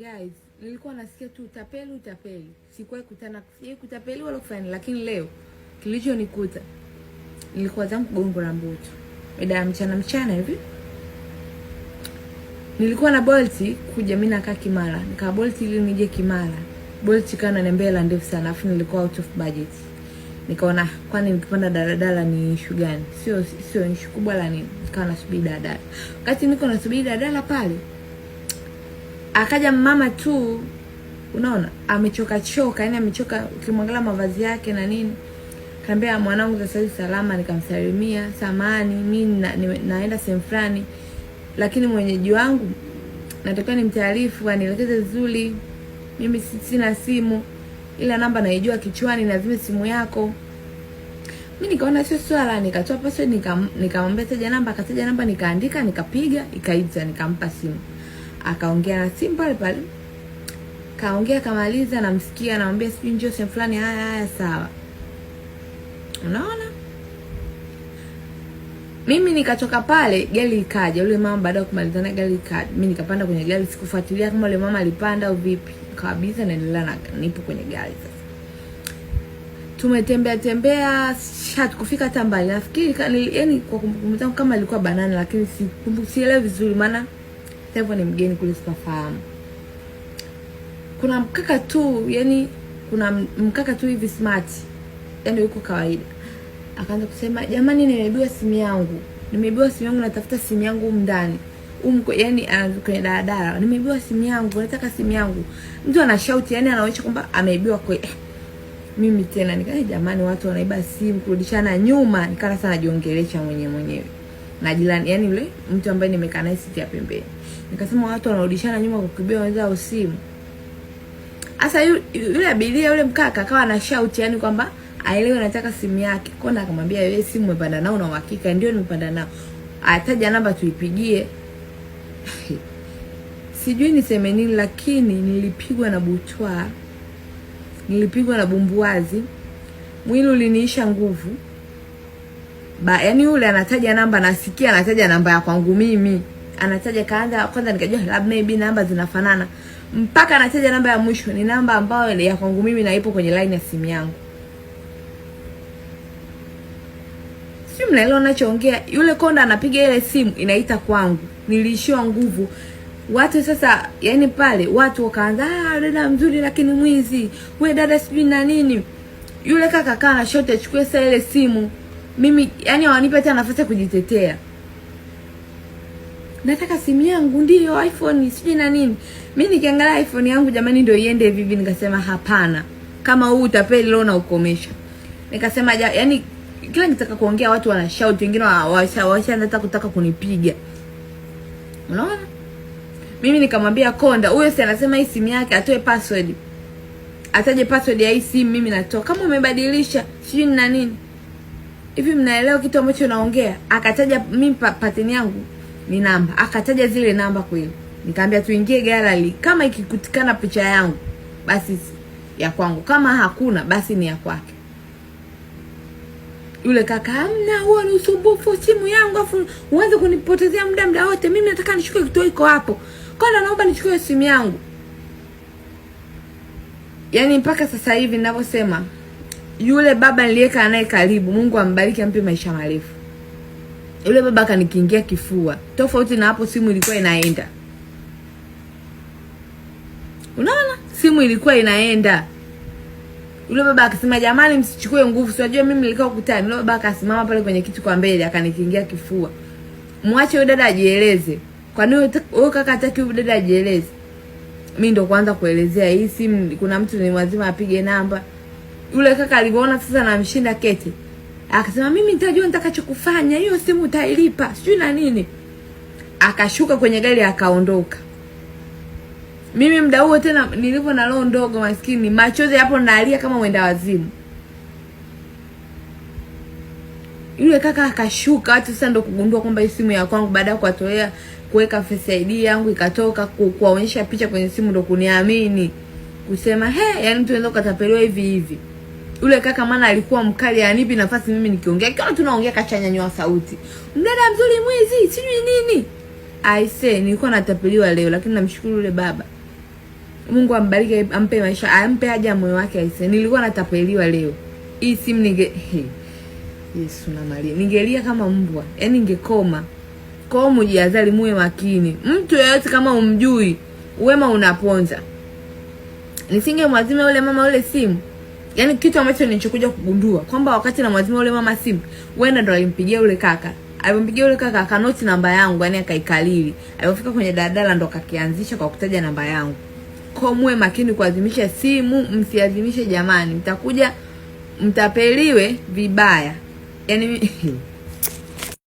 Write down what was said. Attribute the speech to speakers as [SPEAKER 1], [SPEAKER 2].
[SPEAKER 1] Guys, nilikuwa nasikia tu utapeli utapeli, sikuwahi kutana sijawahi kutapeli wala kufanya, lakini leo kilichonikuta nilikuwa zangu gongo la mbuto mida ya mchana mchana hivi, nilikuwa na bolti kuja mimi nakaa Kimara, nika bolti ili nije Kimara, bolti kana ananiambia hela ndefu sana, afu nilikuwa out of budget, nikaona kwani nikipanda daladala ni issue gani? Sio sio issue kubwa la nini, nikawa nasubiri daladala. Wakati niko nasubiri daladala pale Akaja mama tu, unaona amechoka choka, yani amechoka, ukimwangalia mavazi yake na nini. Kaambia mwanangu, sasa hivi salama? Nikamsalimia, samani mimi na, naenda sehemu fulani, lakini mwenyeji wangu natakiwa ni mtaarifu anielekeze vizuri. Mimi sina simu, ila namba naijua kichwani, na lazima simu yako. mi nikaona sio swala, nikatoa password, nikamwambia nika taja namba, akataja namba, nikaandika, nikapiga, ikaita, nikampa simu akaongea na simu pale pale, kaongea kamaliza, namsikia namwambia, sijui njoo sehemu fulani. Haya haya, sawa. Unaona, mimi nikatoka pale, gari ikaja. Yule mama baada ya kumalizana, gari ikaja, mimi nikapanda kwenye gari. Sikufuatilia kama yule mama alipanda au vipi, kabisa naendelea na nipo kwenye gari sasa tumetembea tembea, hatukufika hata mbali. Nafikiri yani, kwa kumbukumbu zangu kama ilikuwa banana, lakini sikumbuki, sielewi vizuri maana Taivo ni mgeni kule, sikafahamu. Kuna mkaka tu, yani kuna mkaka tu hivi smart, yani yuko kawaida, akaanza kusema jamani, nimeibiwa simu yangu, nimeibiwa simu yangu, natafuta simu yangu huko ndani umko, yani ah, kwenye daladala, nimeibiwa simu yangu, nataka simu yangu. Mtu ana shout yani anaonyesha kwamba ameibiwa kweli. Mimi tena nikaa, eh, jamani, watu wanaiba simu kurudishana nyuma, nikaa sasa najiongelesha mwenyewe mwenyewe na jirani, yani yule mtu ambaye nimekaa naye siti ya pembeni. Nikasema watu wanarudishana nyuma kukimbia wenzao usimu. Sasa yu, yule abiria yule mkaka akawa na shout yani kwamba aelewe anataka simu yake. Kwa na akamwambia yeye simu umepanda nao na uhakika ndio nimepanda nao. Ataja namba tuipigie. Sijui niseme nini lakini nilipigwa na butwa. Nilipigwa na bumbuazi. Mwili uliniisha nguvu ba, yani yule anataja namba, nasikia anataja namba ya kwangu mimi, anataja kaanza kwanza, nikajua lab maybe namba zinafanana, mpaka anataja namba ya mwisho ni namba ambayo ni ya kwangu mimi na ipo kwenye line ya simu yangu. Sio, mnaelewa nachoongea? Yule konda anapiga ile simu inaita kwangu, niliishiwa nguvu watu sasa, yani pale watu wakaanza, ah, dada mzuri lakini mwizi, we dada sijui na nini. Yule kaka kaa na shoti achukue sasa ile simu mimi yani hawanipi hata nafasi ya kujitetea. Nataka simu yangu ndiyo iPhone sijui na nini. Mimi nikiangalia iPhone yangu jamani, ndio iende vivi, nikasema hapana, kama huu utapeli leo na ukomesha. Nikasema ja, yani kila nitaka kuongea watu wana shout, wengine washa hata kutaka kunipiga, unaona. Mimi nikamwambia Konda huyo, si anasema hii simu yake atoe password, ataje password ya hii simu, mimi natoa kama umebadilisha sijui na nini hivi mnaelewa kitu ambacho naongea? Akataja mimi pateni yangu ni namba, akataja zile namba kweli. Nikamwambia tuingie gallery, kama ikikutikana picha yangu basi ya kwangu, kama hakuna basi ni ya kwake. Yule kaka, amna, huo ni usumbufu, simu yangu afu uanze kunipotezea muda muda wote. Mimi nataka nichukue kitu iko hapo kona, naomba nichukue simu yangu. Yaani mpaka sasa hivi ninavyosema yule baba niliweka naye karibu, Mungu ambariki ampe maisha marefu. Yule baba akanikiingia kifua, tofauti na hapo simu ilikuwa inaenda. Unaona, simu ilikuwa inaenda. Yule baba akasema, jamani, msichukue nguvu, sinajua mimi nilikaa ukutani. Yule baba akasimama pale kwenye kiti kwa mbele, akanikiingia kifua, mwache huyo dada ajieleze. Kwa nini wewe kaka hataki huyo dada ajieleze? Mimi ndo kwanza kuelezea hii simu, kuna mtu ni lazima apige namba yule kaka alivyoona sasa namshinda kete, akasema mimi nitajua nitakachokufanya, hiyo simu utailipa sijui na nini. Akashuka kwenye gari akaondoka. Mimi muda huo tena nilivyo na roho ndogo, maskini, machozi hapo nalia kama mwenda wazimu. Yule kaka akashuka, watu sasa ndo kugundua kwamba hii simu ya kwangu, baada ya kuwatolea kuweka Face ID yangu ikatoka kuwaonyesha picha kwenye simu, ndo kuniamini kusema he, yani mtu unaweza ukatapeliwa hivi hivi. Yule kaka maana alikuwa mkali, anipi nafasi mimi nikiongea. kiona tunaongea kachanya kachanyanyua sauti, mdada mzuri mwizi sijui nini. i say nilikuwa natapeliwa leo, lakini namshukuru yule baba. Mungu ambariki, ampe maisha, ampe haja moyo wake. i say nilikuwa natapeliwa leo. Hii simu ninge hey. Yesu na Maria, ningelia kama mbwa, yani ningekoma. Kwa mujiazali muwe makini. Mtu yeyote kama umjui, wema unaponza. Nisingemwazima yule mama yule simu yani kitu ambacho nilichokuja kugundua kwamba wakati namwazima yule mama simu, wenda ndo alimpigia yule kaka. Alipompigia yule kaka akanoti namba yangu, yani akaikalili. Alipofika kwenye daladala ndo kakianzisha kwa kutaja namba yangu. Kwa muwe makini kuadhimisha simu, msiadhimishe jamani, mtakuja mtapeliwe vibaya yani